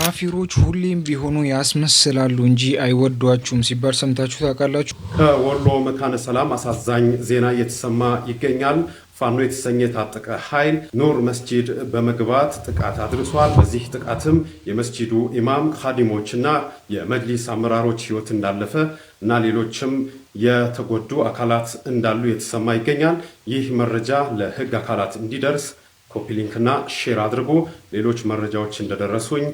ካፊሮች ሁሌም ቢሆኑ ያስመስላሉ እንጂ አይወዷችሁም ሲባል ሰምታችሁ ታውቃላችሁ? ከወሎ መካነ ሰላም አሳዛኝ ዜና እየተሰማ ይገኛል። ፋኖ የተሰኘ የታጠቀ ኃይል ኑር መስጂድ በመግባት ጥቃት አድርሷል። በዚህ ጥቃትም የመስጂዱ ኢማም ኻዲሞችና የመጅሊስ አመራሮች ህይወት እንዳለፈ እና ሌሎችም የተጎዱ አካላት እንዳሉ የተሰማ ይገኛል። ይህ መረጃ ለህግ አካላት እንዲደርስ ኮፒ ሊንክና ሼር አድርጉ። ሌሎች መረጃዎች እንደደረሱኝ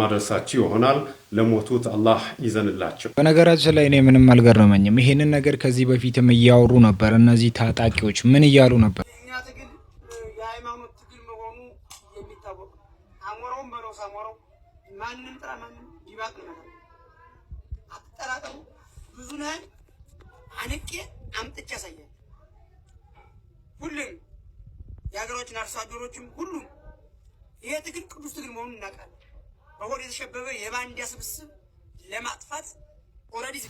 ማድረሳችሁ ይሆናል። ለሞቱት አላህ ይዘንላቸው። በነገራችን ላይ እኔ ምንም አልገረመኝም። ይሄንን ነገር ከዚህ በፊትም እያወሩ ነበር። እነዚህ ታጣቂዎች ምን እያሉ ነበር? የእኛ ትግል የሃይማኖት ትግል መሆኑ የሚታወቅ በለው ማንም ጥራ ማንም ይባቅ አትጠራጠሩ። ብዙ ነህን አንቄ አምጥቼ ያሳያል ሁሉም የሀገራችን አርሶ አደሮችም ሁሉም ይሄ ትግል ቅዱስ ትግል መሆኑን እናውቃለን። በሆድ የተሸበበ የባንዲያ ስብስብ ለማጥፋት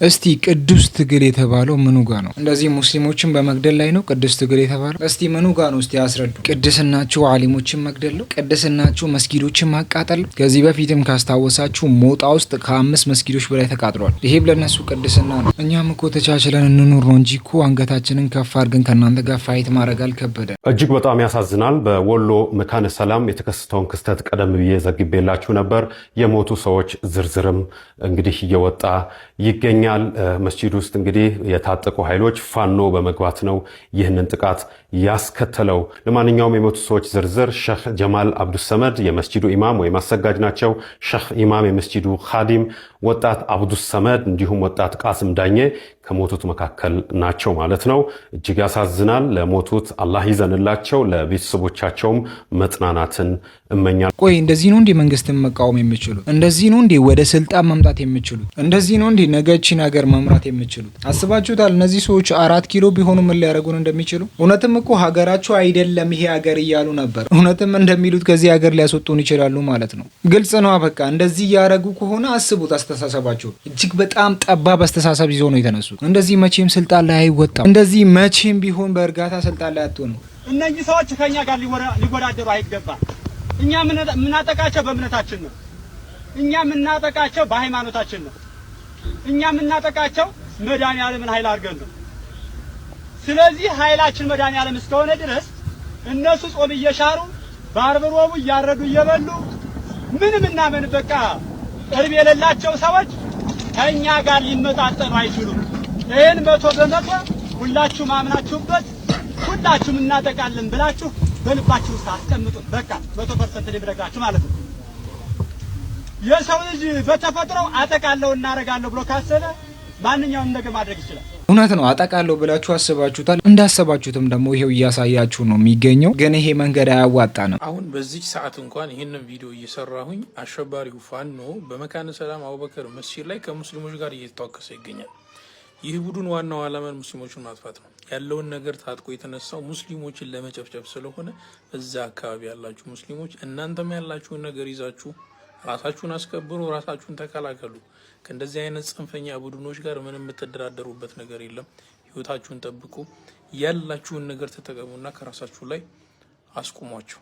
እስቲ ቅዱስ ትግል የተባለው ምኑ ጋ ነው? እንደዚህ ሙስሊሞችን በመግደል ላይ ነው ቅዱስ ትግል የተባለው? እስቲ ምኑ ጋ ነው? እስቲ አስረዱ። ቅድስናችሁ አሊሞችን መግደል ነው? ቅድስናችሁ መስጊዶችን ማቃጠል ነው? ከዚህ በፊትም ካስታወሳችሁ ሞጣ ውስጥ ከአምስት መስጊዶች በላይ ተቃጥሏል። ይሄም ለእነሱ ቅድስና ነው። እኛም እኮ ተቻችለን እንኑር ነው እንጂ እኮ አንገታችንን ከፍ አድርገን ከእናንተ ጋር ፋይት ማድረግ አልከበደ። እጅግ በጣም ያሳዝናል። በወሎ መካነ ሰላም የተከሰተውን ክስተት ቀደም ብዬ ዘግቤላችሁ ነበር። የሞቱ ሰዎች ዝርዝርም እንግዲህ እየወጣ ይገኛል። መስጂድ ውስጥ እንግዲህ የታጠቁ ኃይሎች ፋኖ በመግባት ነው ይህንን ጥቃት ያስከተለው። ለማንኛውም የሞቱ ሰዎች ዝርዝር ሸህ ጀማል አብዱሰመድ የመስጂዱ ኢማም ወይም አሰጋጅ ናቸው። ሸህ ኢማም የመስጂዱ ካዲም ወጣት አብዱስ ሰመድ እንዲሁም ወጣት ቃስም ዳኘ ከሞቱት መካከል ናቸው ማለት ነው። እጅግ ያሳዝናል። ለሞቱት አላህ ይዘንላቸው፣ ለቤተሰቦቻቸውም መጽናናትን እመኛል። ቆይ እንደዚህ ነው እንዴ መንግስትን መቃወም የምችሉት? እንደዚህ ነው እንዴ ወደ ስልጣን መምጣት የሚችሉት? እንደዚህ ነው እንዴ ነገችን ሀገር መምራት የሚችሉት? አስባችሁታል? እነዚህ ሰዎች አራት ኪሎ ቢሆኑ ምን ሊያደርጉን እንደሚችሉ። እውነትም እኮ ሀገራቸው አይደለም ይሄ ሀገር እያሉ ነበር። እውነትም እንደሚሉት ከዚህ ሀገር ሊያስወጡን ይችላሉ ማለት ነው። ግልጽ ነዋ። በቃ እንደዚህ እያደረጉ ከሆነ አስቡት አስተሳሰባቸው እጅግ በጣም ጠባብ አስተሳሰብ ይዞ ነው የተነሱት። እንደዚህ መቼም ስልጣን ላይ አይወጣም። እንደዚህ መቼም ቢሆን በእርጋታ ስልጣን ላይ አትሆኑ እነዚህ ሰዎች ከኛ ጋር ሊወዳደሩ አይገባም። እኛ የምናጠቃቸው በእምነታችን ነው። እኛ የምናጠቃቸው በሃይማኖታችን ነው። እኛ የምናጠቃቸው ያለምን ኃይል አድርገን ነው። ስለዚህ ኃይላችን መድኃኔዓለም እስከሆነ ድረስ እነሱ ጾም እየሻሩ ባርብሮቡ እያረዱ እየበሉ ምንም እናመን በቃ ቅርብ የሌላቸው ሰዎች ከእኛ ጋር ሊመጣጠኑ አይችሉም። ይህን መቶ በመቶ ሁላችሁም አምናችሁበት ሁላችሁም እናጠቃለን ብላችሁ በልባችሁ ውስጥ አስቀምጡት። በቃ መቶ ፐርሰንት ሊብረጋችሁ ማለት ነው። የሰው ልጅ በተፈጥሮ አጠቃለሁ እናደርጋለሁ ብሎ ካሰበ ማንኛውም ነገር ማድረግ ይችላል። እውነት ነው። አጠቃለሁ ብላችሁ አስባችሁታል። እንዳሰባችሁትም ደግሞ ይሄው እያሳያችሁ ነው የሚገኘው። ግን ይሄ መንገድ አያዋጣንም። አሁን በዚህ ሰዓት እንኳን ይህንን ቪዲዮ እየሰራሁኝ አሸባሪው ፋኖ በመካነ ሰላም አቡበከር መስጂድ ላይ ከሙስሊሞች ጋር እየተታወከሰ ይገኛል። ይህ ቡድን ዋናው ዓላማን ሙስሊሞችን ማጥፋት ነው። ያለውን ነገር ታጥቆ የተነሳው ሙስሊሞችን ለመጨፍጨፍ ስለሆነ እዛ አካባቢ ያላችሁ ሙስሊሞች እናንተም ያላችሁን ነገር ይዛችሁ ራሳችሁን አስከብሩ፣ ራሳችሁን ተከላከሉ። ከእንደዚህ አይነት ጽንፈኛ ቡድኖች ጋር ምንም የምትደራደሩበት ነገር የለም። ህይወታችሁን ጠብቁ፣ ያላችሁን ነገር ተጠቀሙና ከራሳችሁ ላይ አስቁሟቸው።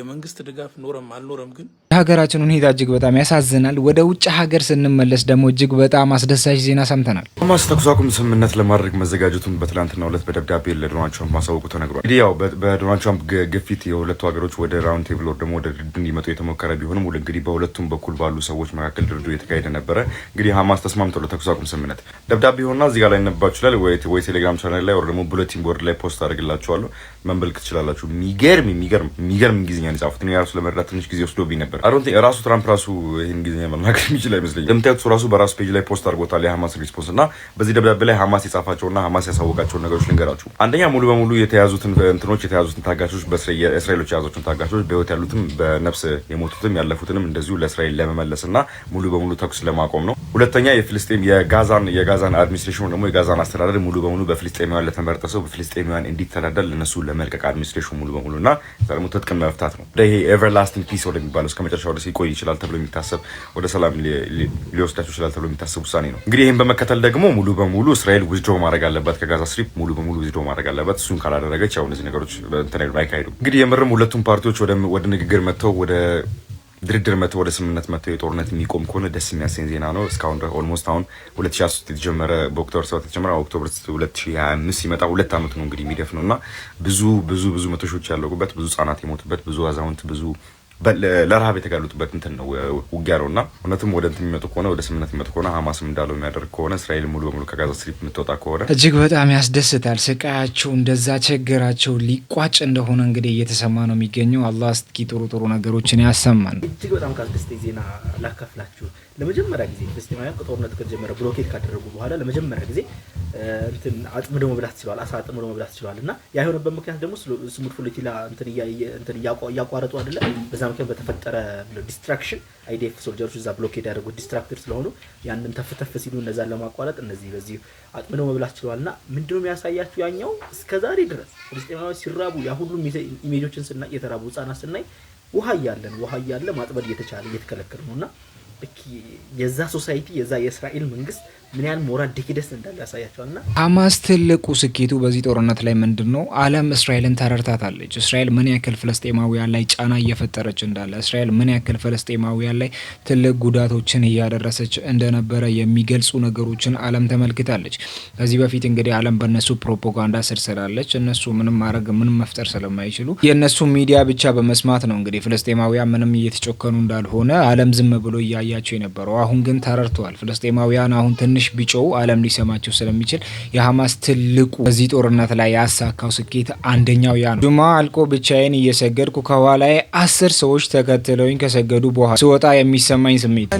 የመንግስት ድጋፍ ኖረም አልኖረም ግን የሀገራችን ሁኔታ እጅግ በጣም ያሳዝናል። ወደ ውጭ ሀገር ስንመለስ ደግሞ እጅግ በጣም አስደሳች ዜና ሰምተናል። ሀማስ ተኩስ አቁም ስምምነት ለማድረግ መዘጋጀቱን በትላንትናው ዕለት በደብዳቤ ለዶናልድ ትራምፕ ማሳወቁ ተነግሯል። እንግዲህ ያው በዶናልድ ትራምፕ ግፊት የሁለቱ ሀገሮች ወደ ራውንድ ቴብል ወር ደግሞ ወደ ድርድር እንዲመጡ የተሞከረ ቢሆንም እንግዲህ በሁለቱም በኩል ባሉ ሰዎች መካከል ድርድሩ የተካሄደ ነበረ። እንግዲህ ሀማስ ተስማምቶ ለተኩስ አቁም ስምምነት ደብዳቤ ሆና እዚጋ ላይ ነባ ይችላል ወይ ቴሌግራም ቻናል ላይ ወር ደግሞ ቡለቲን ቦርድ ላይ ፖስት አድርግላችኋለሁ፣ መንበልክ ትችላላችሁ። የሚገርም የሚገርም የሚገርም ጊዜ በእንግሊዝኛ የጻፉትን ራሱ ለመረዳት ትንሽ ጊዜ ወስዶብኝ ነበር። አሮን ራሱ ትራምፕ ራሱ ይህን እንግሊዝኛ መናገር የሚችል አይመስለኝም። እንደምታዩት ራሱ በራሱ ፔጅ ላይ ፖስት አድርጎታል የሀማስን ሪስፖንስ እና በዚህ ደብዳቤ ላይ ሀማስ የጻፋቸውና ሀማስ ያሳወቃቸውን ነገሮች ልንገራችሁ። አንደኛ ሙሉ በሙሉ የተያዙትን እንትኖች የተያዙትን ታጋቾች በእስራኤሎች የያዟቸውን ታጋቾች በህይወት ያሉትም በነፍስ የሞቱትም ያለፉትንም እንደዚሁ ለእስራኤል ለመመለስና ሙሉ በሙሉ ተኩስ ለማቆም ነው። ሁለተኛ የፍልስጤም የጋዛን የጋዛን አድሚኒስትሬሽን ደግሞ የጋዛን አስተዳደር ሙሉ በሙሉ በፍልስጤማውያን ለተመረጠ ሰው በፍልስጤማውያን እንዲተዳደር ለነሱ ለመልቀቅ አድሚኒስትሬሽን ሙሉ በሙሉ እና ደግሞ ትጥቅን መፍታት ማለት ነው። ይሄ ኤቨርላስቲንግ ፒስ ወደ ወደሚባለው እስከ መጨረሻ ወደ ሲቆይ ይችላል ተብሎ የሚታሰብ ወደ ሰላም ሊወስዳቸው ይችላል ተብሎ የሚታሰብ ውሳኔ ነው። እንግዲህ ይህን በመከተል ደግሞ ሙሉ በሙሉ እስራኤል ዊዝድሮ ማድረግ አለበት ከጋዛ ስትሪፕ ሙሉ በሙሉ ዊዝድሮ ማድረግ አለበት። እሱን ካላደረገች ያው እነዚህ ነገሮች እንትን አይካሄዱም። እንግዲህ የምርም ሁለቱም ፓርቲዎች ወደ ንግግር መጥተው ወደ ድርድር መቶ ወደ ስምምነት መቶ የጦርነት የሚቆም ከሆነ ደስ የሚያሰኝ ዜና ነው። እስካሁን ኦልሞስት አሁን 2023 የተጀመረ በኦክቶበር 7 የተጀመረ ኦክቶበር 2025 ሲመጣ ሁለት ዓመቱ ነው እንግዲህ የሚደፍነው እና ብዙ ብዙ ብዙ መቶ ሺዎች ያለቁበት፣ ብዙ ህጻናት የሞቱበት፣ ብዙ አዛውንት ብዙ ለረሃብ የተጋለጡበት እንትን ነው ውጊያ ነው እና እውነትም ወደ እንትን የሚመጡ ከሆነ ወደ ስምምነት የሚመጡ ከሆነ ሀማስም እንዳለው የሚያደርግ ከሆነ እስራኤል ሙሉ በሙሉ ከጋዛ ስትሪፕ የምትወጣ ከሆነ እጅግ በጣም ያስደስታል። ስቃያቸው እንደዛ ችግራቸው ሊቋጭ እንደሆነ እንግዲህ እየተሰማ ነው የሚገኘው። አላህ እስኪ ጥሩ ጥሩ ነገሮችን ያሰማን። እጅግ በጣም ካስደስተኝ ዜና ላካፍላችሁ። ለመጀመሪያ ጊዜ ፍልስጤማውያን ከጦርነት ከጀመረ ብሎኬት ካደረጉ በኋላ ለመጀመሪያ ጊዜ እንትን አጥምዶ መብላት ችሏል። አሳ አጥምዶ መብላት ችሏል። እና ያ የሆነበት ምክንያት ደግሞ ስሙድ ፎሌቲላ እንትን እያቋረጡ አይደለ? በዛ ምክንያት በተፈጠረ ዲስትራክሽን አይዲኤፍ ሶልጀሮች እዛ ብሎኬድ ያደርጉት ዲስትራክተድ ስለሆኑ ያንን ተፍተፍ ሲሉ እነዛን ለማቋረጥ እነዚህ በዚህ አጥምዶ መብላት ችሏል። እና ምንድነው የሚያሳያችሁ ያኛው እስከዛሬ ድረስ ፍልስጤማውያን ሲራቡ ያ ሁሉም ኢሜጆችን ስና የተራቡ ህጻናት ስናይ ውሃ እያለን ውሃ እያለ ማጥመድ እየተቻለ እየተከለከለ ነው እና የዛ ሶሳይቲ የዛ የእስራኤል መንግስት ምን ያህል ሞራል ዲኪደስ እንዳለ ሀማስ ትልቁ ስኬቱ በዚህ ጦርነት ላይ ምንድን ነው? ዓለም እስራኤልን ተረድታታለች። እስራኤል ምን ያክል ፍለስጤማውያን ላይ ጫና እየፈጠረች እንዳለ፣ እስራኤል ምን ያክል ፍለስጤማውያን ላይ ትልቅ ጉዳቶችን እያደረሰች እንደነበረ የሚገልጹ ነገሮችን ዓለም ተመልክታለች። ከዚህ በፊት እንግዲህ ዓለም በእነሱ ፕሮፓጋንዳ ስር ስላለች እነሱ ምንም ማድረግ ምንም መፍጠር ስለማይችሉ የእነሱ ሚዲያ ብቻ በመስማት ነው እንግዲህ ፍለስጤማውያን ምንም እየተጨከኑ እንዳልሆነ ዓለም ዝም ብሎ እያያቸው የነበረው። አሁን ግን ተረድተዋል። ፍለስጤማውያን አሁን ትንሽ ትንሽ ቢጮው ዓለም ሊሰማቸው ስለሚችል የሀማስ ትልቁ በዚህ ጦርነት ላይ ያሳካው ስኬት አንደኛው ያ ነው። ጁማ አልቆ ብቻዬን እየሰገድኩ ከኋላዬ አስር ሰዎች ተከትለውኝ ከሰገዱ በኋላ ስወጣ የሚሰማኝ ስሜት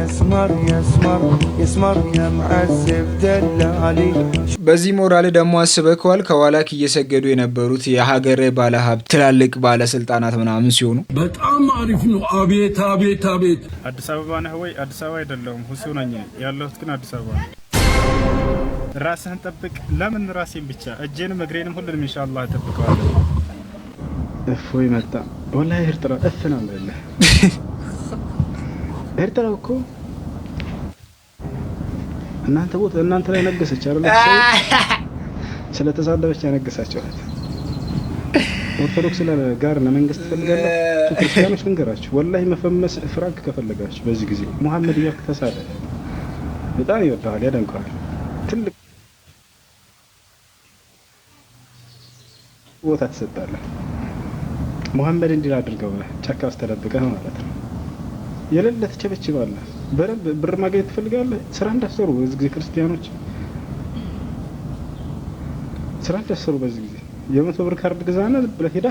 يسمر يسمر يسمر يا معزب دلالي በዚህ ሞራል ደግሞ አስበህ ከዋል ከኋላክ እየሰገዱ የነበሩት የሀገር ባለሀብት ትላልቅ ባለስልጣናት ምናምን ሲሆኑ በጣም አሪፍ ነው። አቤት አቤት አቤት። አዲስ አበባ ነህ ወይ? አዲስ አበባ አይደለሁም ሁሱ ነኝ ያለሁት ግን አዲስ አበባ ነው። ራስህን ጠብቅ። ለምን ራሴን ብቻ እጄንም እግሬንም ሁሉንም ኢንሻአላህ እጠብቀዋለሁ። እፎይ መጣ ወላሂ ኤርትራ እፍናለሁ። ኤርትራ እኮ እናንተ ቦታ እናንተ ላይ ነገሰች አይደል? ስለተሳደበች ያነገሳችኋት ኦርቶዶክስ ጋር ለመንግስት ፈልጋለሁ ክርስቲያኖች ልንገራችሁ፣ ወላሂ መፈመስ ፍራንክ ከፈለጋችሁ በዚህ ጊዜ መሐመድ እያልክ ተሳደ። በጣም ይወዳሃል፣ ያደንቀዋል። ትልቅ ቦታ ትሰጣለህ። መሐመድ እንዲል አድርገው ጫካ ውስጥ ተደብቀህ ማለት ነው የሌለ ትቸበችባለህ በደንብ ብር ማግኘት ትፈልጋለህ? ስራ እንዳሰሩ በዚህ ጊዜ ክርስቲያኖች ስራ እንዳሰሩ በዚህ ጊዜ የመቶ ብር ካርድ ግዛነ ብለህ ሄዳ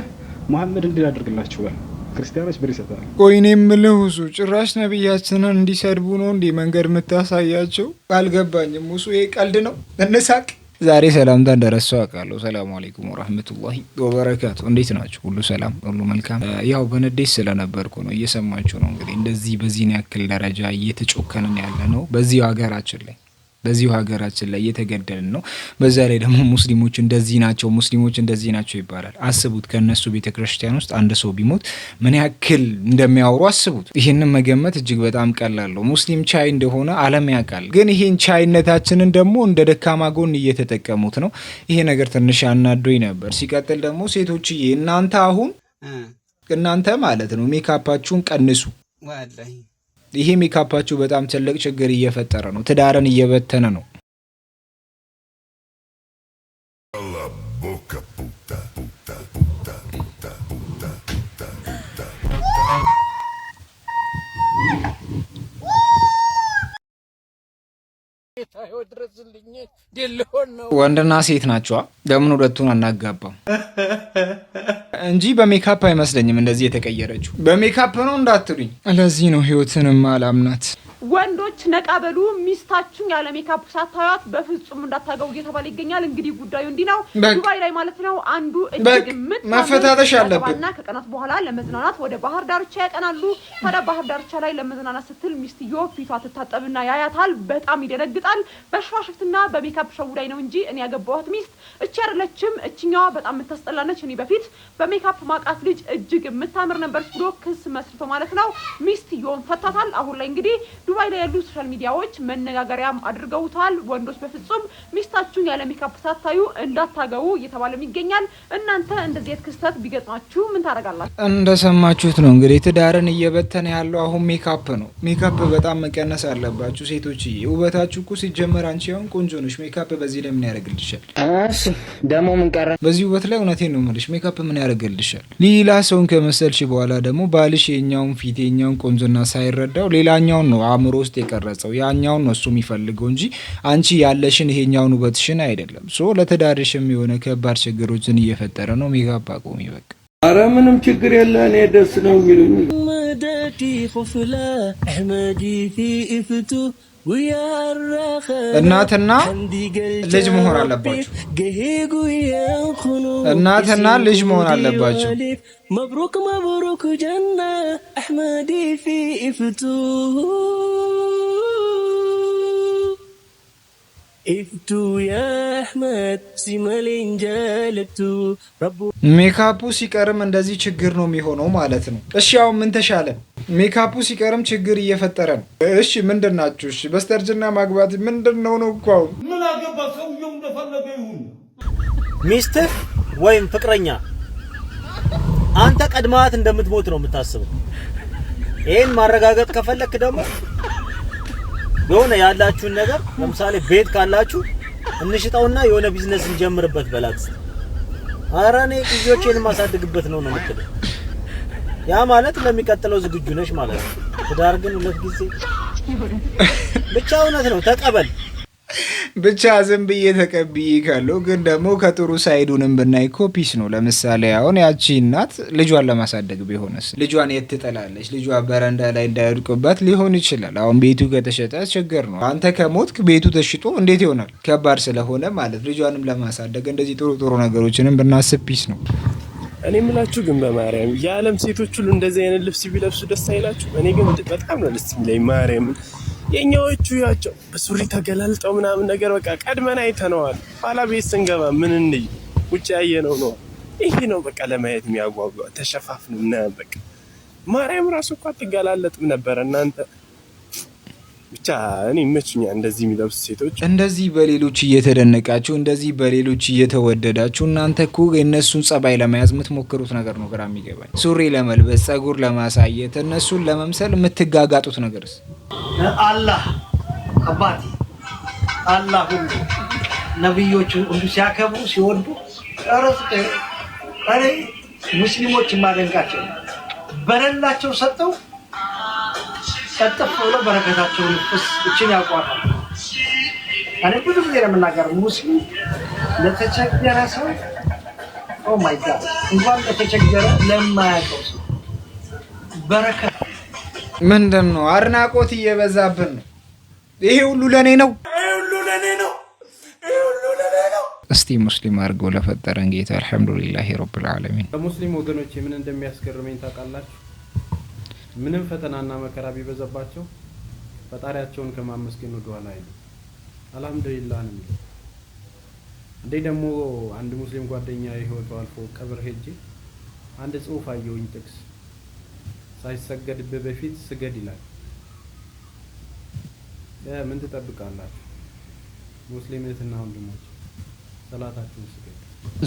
መሐመድ እንዲል አድርግላችኋል። ክርስቲያኖች ብር ይሰጣል። ቆይ እኔ የምልህ ሁሱ ጭራሽ ነቢያችንን እንዲሰድቡ ነው እንዲህ መንገድ የምታሳያቸው? አልገባኝም። ሁሱ ይሄ ቀልድ ነው? እንሳቅ ዛሬ ሰላምታ እንደረሳው አውቃለሁ። ሰላሙ አለይኩም ወራህመቱላሂ ወበረካቱ። እንዴት ናችሁ? ሁሉ ሰላም፣ ሁሉ መልካም። ያው በንዴት ስለነበርኩ ነው። እየሰማችሁ ነው እንግዲህ እንደዚህ በዚህን ያክል ደረጃ እየተጮከንን ያለ ነው በዚህ ሀገራችን ላይ በዚሁ ሀገራችን ላይ እየተገደልን ነው። በዛ ላይ ደግሞ ሙስሊሞች እንደዚህ ናቸው፣ ሙስሊሞች እንደዚህ ናቸው ይባላል። አስቡት ከእነሱ ቤተ ክርስቲያን ውስጥ አንድ ሰው ቢሞት ምን ያክል እንደሚያወሩ አስቡት። ይህንን መገመት እጅግ በጣም ቀላለሁ። ሙስሊም ቻይ እንደሆነ ዓለም ያውቃል። ግን ይህን ቻይነታችንን ደግሞ እንደ ደካማ ጎን እየተጠቀሙት ነው። ይሄ ነገር ትንሽ አናዶኝ ነበር። ሲቀጥል ደግሞ ሴቶችዬ እናንተ አሁን እናንተ ማለት ነው ሜካፓችሁን ቀንሱ። ይሄ ሜካፓችሁ በጣም ትልቅ ችግር እየፈጠረ ነው። ትዳርን እየበተነ ነው። ወንድና ሴት ናቸዋ። ለምን ሁለቱን አናጋባም? እንጂ በሜካፕ አይመስለኝም እንደዚህ የተቀየረችው። በሜካፕ ነው እንዳትሉኝ። ለዚህ ነው ህይወትንም አላምናት። ወንዶች ነቃበሉ ሚስታችሁን ያለ ሜካፕ ሳታዩት በፍጹም እንዳታገቡ እየተባለ ይገኛል። እንግዲህ ጉዳዩ እንዲህ ነው። ዱባይ ላይ ማለት ነው አንዱ እጅግ ምን ማፈታተሽ አለብንና ከቀናት በኋላ ለመዝናናት ወደ ባህር ዳርቻ ያቀናሉ። ታዲያ ባህር ዳርቻ ላይ ለመዝናናት ስትል ሚስትዮ ፊቷ ትታጠብና ያያታል። በጣም ይደነግጣል። በሽፋሽፍትና በሜካፕ ሸው ላይ ነው እንጂ እኔ ያገባኋት ሚስት እቺ አይደለችም። እችኛዋ በጣም የምታስጠላነች። እኔ በፊት በሜካፕ ማቃት ልጅ እጅግ የምታምር ነበር ብሎ ክስ መስርቶ ማለት ነው ሚስትዮን ፈታታል። አሁን ላይ እንግዲህ ዱባይ ላይ ያሉ ሶሻል ሚዲያዎች መነጋገሪያም አድርገውታል። ወንዶች በፍጹም ሚስታችሁን ያለ ሜካፕ ሳታዩ እንዳታገቡ እየተባለም ይገኛል። እናንተ እንደዚህ አይነት ክስተት ቢገጥማችሁ ምን ታደርጋላችሁ? እንደሰማችሁት ነው እንግዲህ ትዳርን እየበተነ ያለው አሁን ሜካፕ ነው። ሜካፕ በጣም መቀነስ አለባችሁ ሴቶችዬ። ውበታችሁ እኮ ሲጀመር አንቺ አሁን ቆንጆ ነሽ፣ ሜካፕ በዚህ ላይ ምን ያደርግልሻል? ደግሞ ምን ቀረ? በዚህ ውበት ላይ እውነቴን ነው የምልሽ ሜካፕ ምን ያደርግልሻል? ሌላ ሰውን ከመሰልሽ በኋላ ደግሞ ባልሽ የኛውን ፊት የኛውን ቆንጆና ሳይረዳው ሌላኛውን ነው አእምሮ ውስጥ የቀረጸው ያኛውን ነው እሱ የሚፈልገው እንጂ አንቺ ያለሽን ይሄኛውን ውበትሽን አይደለም። ሶ ለተዳርሽ የሆነ ከባድ ችግሮችን እየፈጠረ ነው። ሚጋባ ቆሚ በቃ። አረ ምንም ችግር የለ። እኔ ደስ ነው የሚሉኝ እናትና ልጅ መሆን አለባቸው። እናትና ልጅ መሆን አለባቸው። መብሩክ መብሩክ ጀና ፊ ሜካፑ ሲቀርም እንደዚህ ችግር ነው የሚሆነው ማለት ነው። እሺ አሁን ምን ተሻለ? ሜካፑ ሲቀርም ችግር እየፈጠረ ነው። እሺ ምንድን ናችሁ? እሺ በስተርጅና ማግባት ምንድን ነው ነው እኮ አሁን ምን አገባ ሰውየው እንደፈለገ ይሁን። ሚስትህ ወይም ፍቅረኛ አንተ ቀድማት እንደምትሞት ነው የምታስበው። ይህን ማረጋገጥ ከፈለክ ደግሞ የሆነ ያላችሁን ነገር ለምሳሌ ቤት ካላችሁ እንሽጠውና የሆነ ቢዝነስ እንጀምርበት በላት። ኧረ እኔ ልጆቼን ነው ነው የምትለው። ያ ማለት ለሚቀጥለው ዝግጁ ነሽ ማለት ነው። ትዳር ግን ሁለት ጊዜ ብቻ እውነት ነው ተቀበል ብቻ ዝም ብዬ ተቀብዬ ካለው ግን ደግሞ ከጥሩ ሳይዱንም ብናይ እኮ ፒስ ነው። ለምሳሌ አሁን ያቺ እናት ልጇን ለማሳደግ ቢሆንስ ልጇን የት ትጠላለች? ልጇ በረንዳ ላይ እንዳይወድቅባት ሊሆን ይችላል። አሁን ቤቱ ከተሸጠ ችግር ነው። አንተ ከሞትክ ቤቱ ተሽጦ እንዴት ይሆናል? ከባድ ስለሆነ ማለት ልጇንም ለማሳደግ እንደዚህ ጥሩ ጥሩ ነገሮችንም ብናስብ ፒስ ነው። እኔ የምላችሁ ግን በማርያም የዓለም ሴቶች ሁሉ እንደዚህ አይነት ልብስ ቢለብሱ ደስ አይላችሁ? እኔ ግን በጣም ነው ደስ የሚለኝ ማርያምን የኛዎቹ ያቸው በሱሪ ተገላልጠው ምናምን ነገር በቃ ቀድመን አይተነዋል። ኋላ ቤት ስንገባ ምን እንይ ውጭ ያየ ነው። ይሄ ነው በቃ ለማየት የሚያጓጓ ተሸፋፍን ምናምን በቃ ማርያም ራሱ እኳ አትገላለጥም ነበረ። እናንተ ብቻ እኔ ይመቹኛል እንደዚህ የሚለብሱ ሴቶች። እንደዚህ በሌሎች እየተደነቃችሁ እንደዚህ በሌሎች እየተወደዳችሁ እናንተ እኮ የእነሱን ጸባይ ለመያዝ የምትሞክሩት ነገር ነው ግራ የሚገባኝ። ሱሪ ለመልበስ ጸጉር ለማሳየት እነሱን ለመምሰል የምትጋጋጡት ነገርስ አላህ አባቴ አላህ ሁሉ ነቢዮቹን ሁሉ ሲያከብሩ ሲወዱ እኔ ሙስሊሞች የማደንቃቸው በሌላቸው ሰጠው ቀጥፍ ብለው በረከታቸውን ፍስ እችን ያውቋታል። እኔ ብዙ ጊዜ ለምናገር ሙስሊም ለተቸገረ ሰው ኦ ማይ ጋድ እንኳን ለተቸገረ ለማያውቀው ሰው በረከት ምንድን ነው? አድናቆት እየበዛብን ነው። ይሄ ሁሉ ለእኔ ነው። እስቲ ሙስሊም አድርገው ለፈጠረን ጌታ አልሐምዱሊላህ ረብል ዓለሚን። ለሙስሊም ወገኖች ምን እንደሚያስገርመኝ ታውቃላችሁ? ምንም ፈተናና መከራ ቢበዛባቸው ፈጣሪያቸውን ከማመስገን ወደኋላ አይሉም። አልሐምዱሊላህ ነው። እንዴ ደግሞ አንድ ሙስሊም ጓደኛ ህይወቱ አልፎ ቀብር ሄጄ አንድ ጽሁፍ አየሁኝ ጥቅስ ሳይሰገድብህ በፊት ስገድ ይላል። ምን ትጠብቃላችሁ? ሙስሊም እህትና ወንድሞች ሰላታችሁን ስገድ።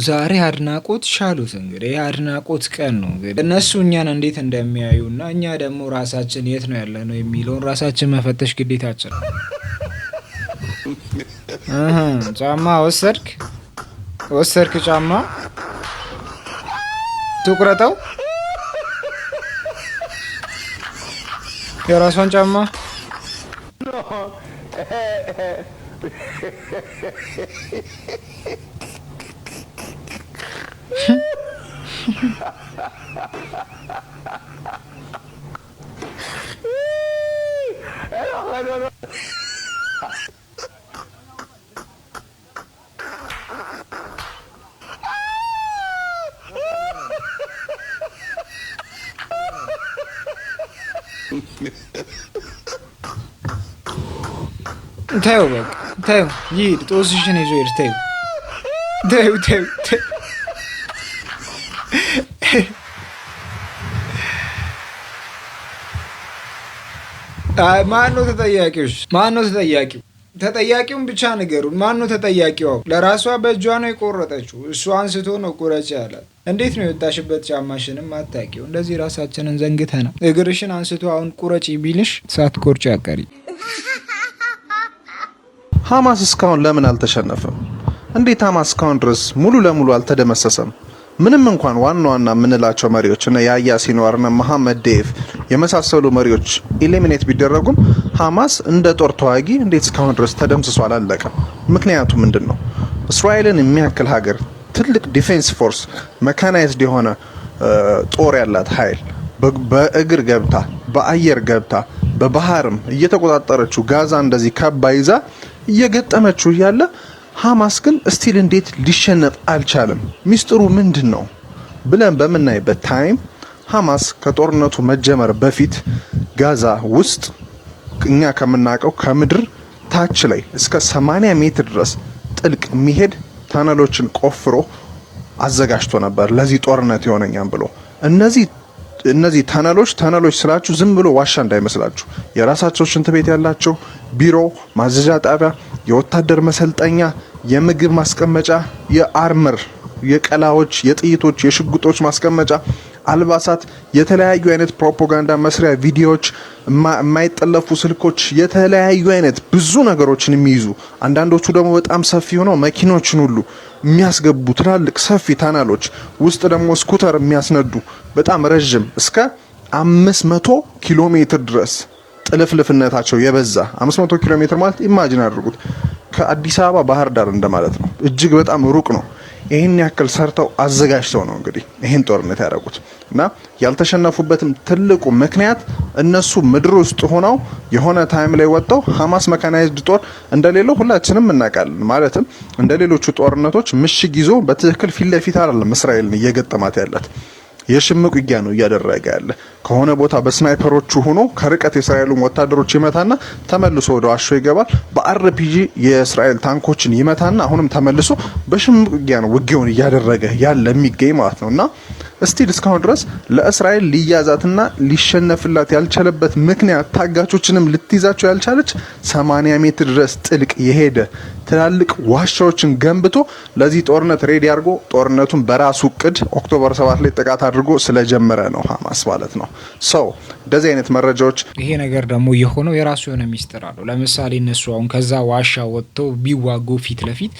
ዛሬ አድናቆት ሻሉት። እንግዲህ አድናቆት ቀን ነው። እንግዲህ እነሱ እኛን እንዴት እንደሚያዩ እና እኛ ደግሞ ራሳችን የት ነው ያለ ነው የሚለውን ራሳችን መፈተሽ ግዴታችን ነው። ጫማ ወሰድክ ወሰድክ ጫማ ትቁረጠው Göra sånt hemma? Tev tev velho. Teu. Giro. Estou a tev tev. ir. Teu. Teu, teu, teu. Manos de Dayakis. Manos de Dayakis. ተጠያቂውን ብቻ ንገሩን። ማን ነው ተጠያቂው? ለራሷ በእጇ ነው የቆረጠችው። እሱ አንስቶ ነው ቁረጭ ያላት። እንዴት ነው የወጣሽበት ጫማሽንም አታውቂው? እንደዚህ ራሳችንን ዘንግተናል። እግርሽን አንስቶ አሁን ቁረጭ ቢልሽ ሳትቆርጭ ያቀሪ። ሐማስ እስካሁን ለምን አልተሸነፈም? እንዴት ሐማስ እስካሁን ድረስ ሙሉ ለሙሉ አልተደመሰሰም? ምንም እንኳን ዋና ዋና የምንላቸው መሪዎች እነ ያህያ መሐመድ ዴፍ የመሳሰሉ መሪዎች ኢሊሚኔት ቢደረጉም ሐማስ እንደ ጦር ተዋጊ እንዴት እስካሁን ድረስ ተደምስሶ አላለቀም? ምክንያቱ ምንድን ነው? እስራኤልን የሚያክል ሀገር ትልቅ ዲፌንስ ፎርስ መካናይዝድ የሆነ ጦር ያላት ኃይል በእግር ገብታ በአየር ገብታ በባህርም እየተቆጣጠረችው ጋዛ እንደዚህ ከባ ይዛ እየገጠመችው እያለ ሐማስ ግን ስቲል እንዴት ሊሸነፍ አልቻለም? ሚስጥሩ ምንድን ነው ብለን በምናይበት ታይም ሐማስ ከጦርነቱ መጀመር በፊት ጋዛ ውስጥ እኛ ከምናውቀው ከምድር ታች ላይ እስከ 80 ሜትር ድረስ ጥልቅ የሚሄድ ተነሎችን ቆፍሮ አዘጋጅቶ ነበር ለዚህ ጦርነት ይሆነኛም ብሎ እነዚህ እነዚህ ተነሎች ተነሎች ስላችሁ ዝም ብሎ ዋሻ እንዳይመስላችሁ የራሳቸው ሽንት ቤት ያላቸው ቢሮ፣ ማዘዣ ጣቢያ፣ የወታደር መሰልጠኛ፣ የምግብ ማስቀመጫ፣ የአርምር፣ የቀላዎች፣ የጥይቶች፣ የሽጉጦች ማስቀመጫ አልባሳት፣ የተለያዩ አይነት ፕሮፓጋንዳ መስሪያ ቪዲዮዎች፣ የማይጠለፉ ስልኮች፣ የተለያዩ አይነት ብዙ ነገሮችን የሚይዙ አንዳንዶቹ ደግሞ በጣም ሰፊ ሆነው መኪኖችን ሁሉ የሚያስገቡ ትላልቅ ሰፊ ታናሎች ውስጥ ደግሞ ስኩተር የሚያስነዱ በጣም ረዥም እስከ አምስት መቶ ኪሎ ሜትር ድረስ ጥልፍልፍነታቸው የበዛ 500 ኪሎ ሜትር ማለት ኢማጂን አድርጉት ከአዲስ አበባ ባህር ዳር እንደማለት ነው። እጅግ በጣም ሩቅ ነው። ይህን ያክል ሰርተው አዘጋጅተው ነው እንግዲህ ይህን ጦርነት ያደረጉት እና ያልተሸነፉበትም ትልቁ ምክንያት እነሱ ምድር ውስጥ ሆነው የሆነ ታይም ላይ ወጥተው ሀማስ መካናይዝድ ጦር እንደሌለው ሁላችንም እናውቃለን። ማለትም እንደ ሌሎቹ ጦርነቶች ምሽግ ይዞ በትክክል ፊት ለፊት አላለም እስራኤልን እየገጠማት ያላት የሽምቅ ውጊያ ነው እያደረገ ያለ። ከሆነ ቦታ በስናይፐሮቹ ሆኖ ከርቀት የእስራኤሉን ወታደሮች ይመታና ተመልሶ ወደ ዋሾ ይገባል። በአርፒጂ የእስራኤል ታንኮችን ይመታና አሁንም ተመልሶ በሽምቅ ውጊያ ነው ውጊያውን እያደረገ ያለ የሚገኝ ማለት ነው እና እስቲል እስካሁን ድረስ ለእስራኤል ሊያዛትና ሊሸነፍላት ያልቻለበት ምክንያት ታጋቾችንም ልትይዛቸው ያልቻለች 80 ሜትር ድረስ ጥልቅ የሄደ ትላልቅ ዋሻዎችን ገንብቶ ለዚህ ጦርነት ሬዲ አድርጎ ጦርነቱን በራሱ እቅድ ኦክቶበር 7 ላይ ጥቃት አድርጎ ስለጀመረ ነው ሀማስ ማለት ነው። ሰው እንደዚህ አይነት መረጃዎች ይሄ ነገር ደግሞ የሆነው የራሱ የሆነ ሚስጥር አለው። ለምሳሌ እነሱ አሁን ከዛ ዋሻ ወጥተው ቢዋጉ ፊት ለፊት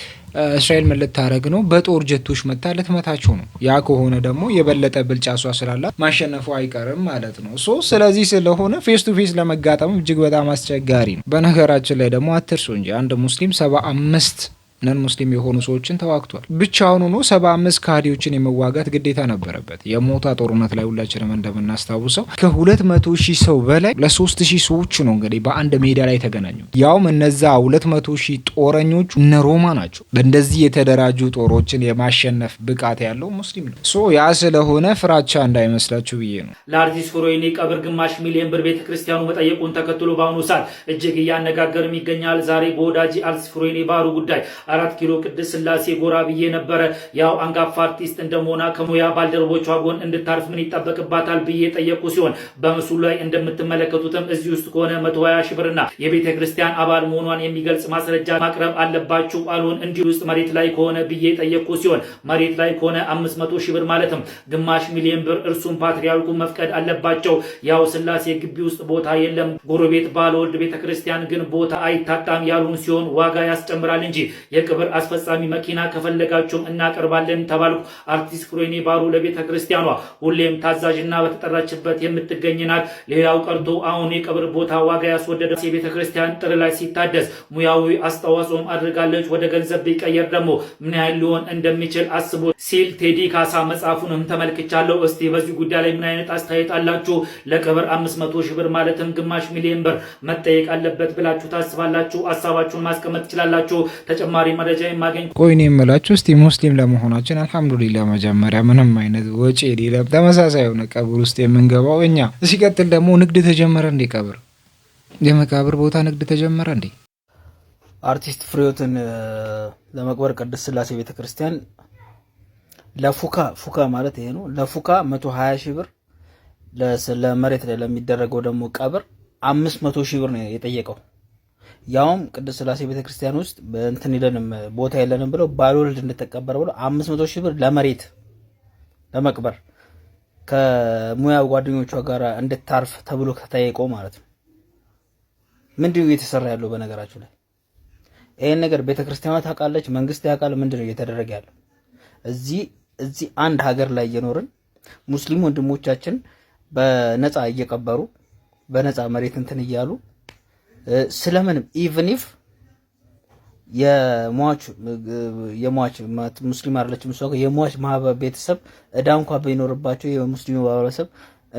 እስራኤል ምን ልታደረግ ነው? በጦር ጀቶች መታ ልትመታቸው ነው። ያ ከሆነ ደግሞ የበለጠ ብልጫ ሷ ስላላት ማሸነፉ አይቀርም ማለት ነው። ሶ ስለዚህ ስለሆነ ፌስ ቱ ፌስ ለመጋጠሙ እጅግ በጣም አስቸጋሪ ነው። በነገራችን ላይ ደግሞ አትርሱ እንጂ አንድ ሙስሊም ሰባ አምስት ነን ሙስሊም የሆኑ ሰዎችን ተዋግቷል። ብቻውን ሆኖ ሰባ አምስት ካህዲዎችን የመዋጋት ግዴታ ነበረበት። የሞታ ጦርነት ላይ ሁላችንም እንደምናስታውሰው ከሁለት መቶ ሺህ ሰው በላይ ለሶስት ሺህ ሰዎች ነው እንግዲህ በአንድ ሜዳ ላይ ተገናኙ። ያውም እነዛ ሁለት መቶ ሺህ ጦረኞቹ እነ ሮማ ናቸው። በእንደዚህ የተደራጁ ጦሮችን የማሸነፍ ብቃት ያለው ሙስሊም ነው። ሶ ያ ስለሆነ ፍራቻ እንዳይመስላችሁ ብዬ ነው። ለአርቲስት ሆሮይኒ ቀብር ግማሽ ሚሊዮን ብር ቤተ ክርስቲያኑ መጠየቁን ተከትሎ በአሁኑ ሰዓት እጅግ እያነጋገርም ይገኛል። ዛሬ በወዳጅ አርቲስት ሆሮይኒ ባህሩ ጉዳይ አራት ኪሎ ቅድስት ስላሴ ጎራ ብዬ ነበረ። ያው አንጋፋ አርቲስት እንደመሆና ከሙያ ባልደረቦቿ ጎን እንድታርፍ ምን ይጠበቅባታል ብዬ ጠየቁ ሲሆን በምስሉ ላይ እንደምትመለከቱትም እዚህ ውስጥ ከሆነ መቶ ሀያ ሺህ ብርና የቤተ ክርስቲያን አባል መሆኗን የሚገልጽ ማስረጃ ማቅረብ አለባችሁ አሉን። እንዲህ ውስጥ መሬት ላይ ከሆነ ብዬ ጠየቁ ሲሆን መሬት ላይ ከሆነ አምስት መቶ ሺህ ብር ማለትም ግማሽ ሚሊዮን ብር እርሱም ፓትሪያርኩ መፍቀድ አለባቸው። ያው ስላሴ ግቢ ውስጥ ቦታ የለም፣ ጎረቤት ባለወልድ ቤተ ክርስቲያን ግን ቦታ አይታጣም ያሉን ሲሆን ዋጋ ያስጨምራል እንጂ የቅብር አስፈጻሚ መኪና ከፈለጋችሁም እናቀርባለን ተባልኩ። አርቲስት ፍሬኔ ባሩ ለቤተ ክርስቲያኗ ሁሌም ታዛዥና በተጠራችበት የምትገኝ ናት። ሌላው ቀርቶ አሁን የቅብር ቦታ ዋጋ ያስወደደ የቤተ ክርስቲያን ጥር ላይ ሲታደስ ሙያዊ አስተዋጽኦም አድርጋለች። ወደ ገንዘብ ቢቀየር ደግሞ ምን ያህል ሊሆን እንደሚችል አስቦ ሲል ቴዲ ካሳ መጽሐፉንም ተመልክቻለሁ። እስቲ በዚህ ጉዳይ ላይ ምን አይነት አስተያየት አላችሁ? ለቅብር አምስት መቶ ሺህ ብር ማለትም ግማሽ ሚሊዮን ብር መጠየቅ አለበት ብላችሁ ታስባላችሁ? ሀሳባችሁን ማስቀመጥ ትችላላችሁ። ተጨማሪ ተጨማሪ መረጃ የማገኝ ቆይኔ የምላችሁ እስቲ ሙስሊም ለመሆናችን አልሐምዱሊላ መጀመሪያ ምንም አይነት ወጪ የሌለም ተመሳሳይ የሆነ ቀብር ውስጥ የምንገባው እኛ። ሲቀጥል ደግሞ ንግድ ተጀመረ እንዴ? ቀብር የመቃብር ቦታ ንግድ ተጀመረ እንዴ? አርቲስት ፍሬሕይወትን ለመቅበር ቅድስት ስላሴ ቤተ ክርስቲያን ለፉካ ፉካ ማለት ይሄ ነው። ለፉካ 120 ሺህ ብር ለመሬት ላይ ለሚደረገው ደግሞ ቀብር 500 ሺህ ብር ነው የጠየቀው። ያውም ቅድስት ስላሴ ቤተክርስቲያን ውስጥ እንትን የለንም ቦታ የለንም ብለው ባልወልድ እንደተቀበረ ብለው አምስት መቶ ሺህ ብር ለመሬት ለመቅበር ከሙያ ጓደኞቿ ጋር እንድታርፍ ተብሎ ተጠየቆ ማለት ነው። ምንድነው እየተሰራ ያለው? በነገራችሁ ላይ ይህን ነገር ቤተክርስቲያኗ ታውቃለች፣ መንግስት ያውቃል። ነው እየተደረገ ያለው? እዚህ እዚህ አንድ ሀገር ላይ እየኖርን ሙስሊም ወንድሞቻችን በነፃ እየቀበሩ በነፃ መሬት እንትን እያሉ ስለምንም ኢቭን ኢፍ የሟች ሙስሊም አይደለችም እሷ የሟች ማህበር ቤተሰብ እዳ እንኳ ቢኖርባቸው የሙስሊሙ ማህበረሰብ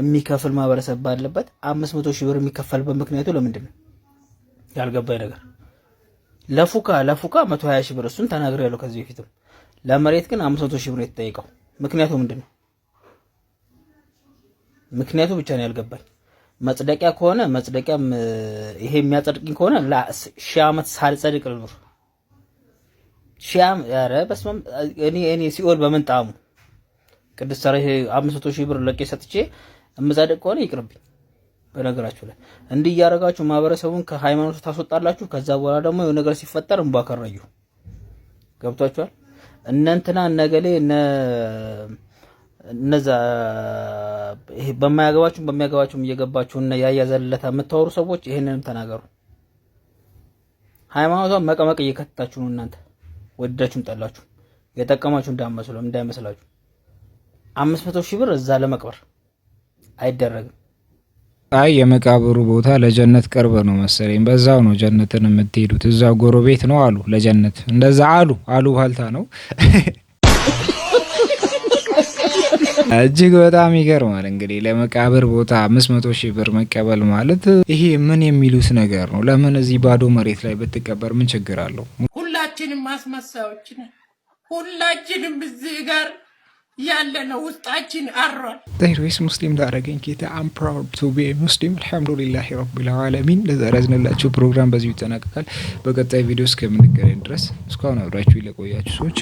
የሚከፍል ማህበረሰብ ባለበት አምስት መቶ ሺህ ብር የሚከፈልበት ምክንያቱ ለምንድን ነው ያልገባኝ ነገር። ለፉካ ለፉካ መቶ ሀያ ሺህ ብር እሱን ተናግሬ ያለው ከዚህ በፊትም ለመሬት ግን አምስት መቶ ሺህ ብር የተጠየቀው። ምክንያቱ ምንድን ነው? ምክንያቱ ብቻ ነው ያልገባኝ። መጽደቂያ ከሆነ መጽደቂያም ይሄ የሚያጸድቅኝ ከሆነ ሺህ ዓመት ሳልጸድቅ ልኑር። ኧረ በስመ አብ እኔ እኔ ሲኦል በምን ጣሙ ቅድስት ሰራ ይሄ አምስት መቶ ሺህ ብር ለቄ ሰጥቼ የምጸድቅ ከሆነ ይቅርብኝ። በነገራችሁ ላይ እንዲህ እያደረጋችሁ ማህበረሰቡን ከሃይማኖት ታስወጣላችሁ። ከዛ በኋላ ደግሞ የሆነ ነገር ሲፈጠር እንቧከረዩ ገብቷችኋል። እነ እንትና እነ ገሌ እነ እነዛ ይሄ በማያገባችሁም በሚያገባችሁም እየገባችሁ እና ያያዘለታ የምታወሩ ሰዎች ይሄንንም ተናገሩ። ሃይማኖቷን መቀመቅ እየከተታችሁ ነው። እናንተ ወዳችሁም ጠላችሁ የጠቀማችሁ እንዳመስሉ እንዳይመስላችሁ። አምስት መቶ ሺህ ብር እዛ ለመቅበር አይደረግም። አይ የመቃብሩ ቦታ ለጀነት ቅርብ ነው መሰለኝ። በዛው ነው ጀነትን የምትሄዱት። እዛው ጎረቤት ነው አሉ። ለጀነት እንደዛ አሉ አሉ ባልታ ነው እጅግ በጣም ይገርማል። እንግዲህ ለመቃብር ቦታ አምስት መቶ ሺህ ብር መቀበል ማለት ይሄ ምን የሚሉት ነገር ነው? ለምን እዚህ ባዶ መሬት ላይ ብትቀበር ምን ችግር አለው? ሁላችንም አስመሳዮች ነን። ሁላችንም እዚህ ጋር ያለ ነው ውስጣችን አሯል። ዘይርስ ሙስሊም ላረገኝ ጌታ አም ፕራውድ ቱ ቢ ሙስሊም። አልሐምዱሊላህ ረቢል ዓለሚን። ለዛሬ ያዝንላችሁ ፕሮግራም በዚሁ ይጠናቀቃል። በቀጣይ ቪዲዮ እስከምንገናኝ ድረስ እስካሁን አብራችሁ ለቆያችሁ ሰዎች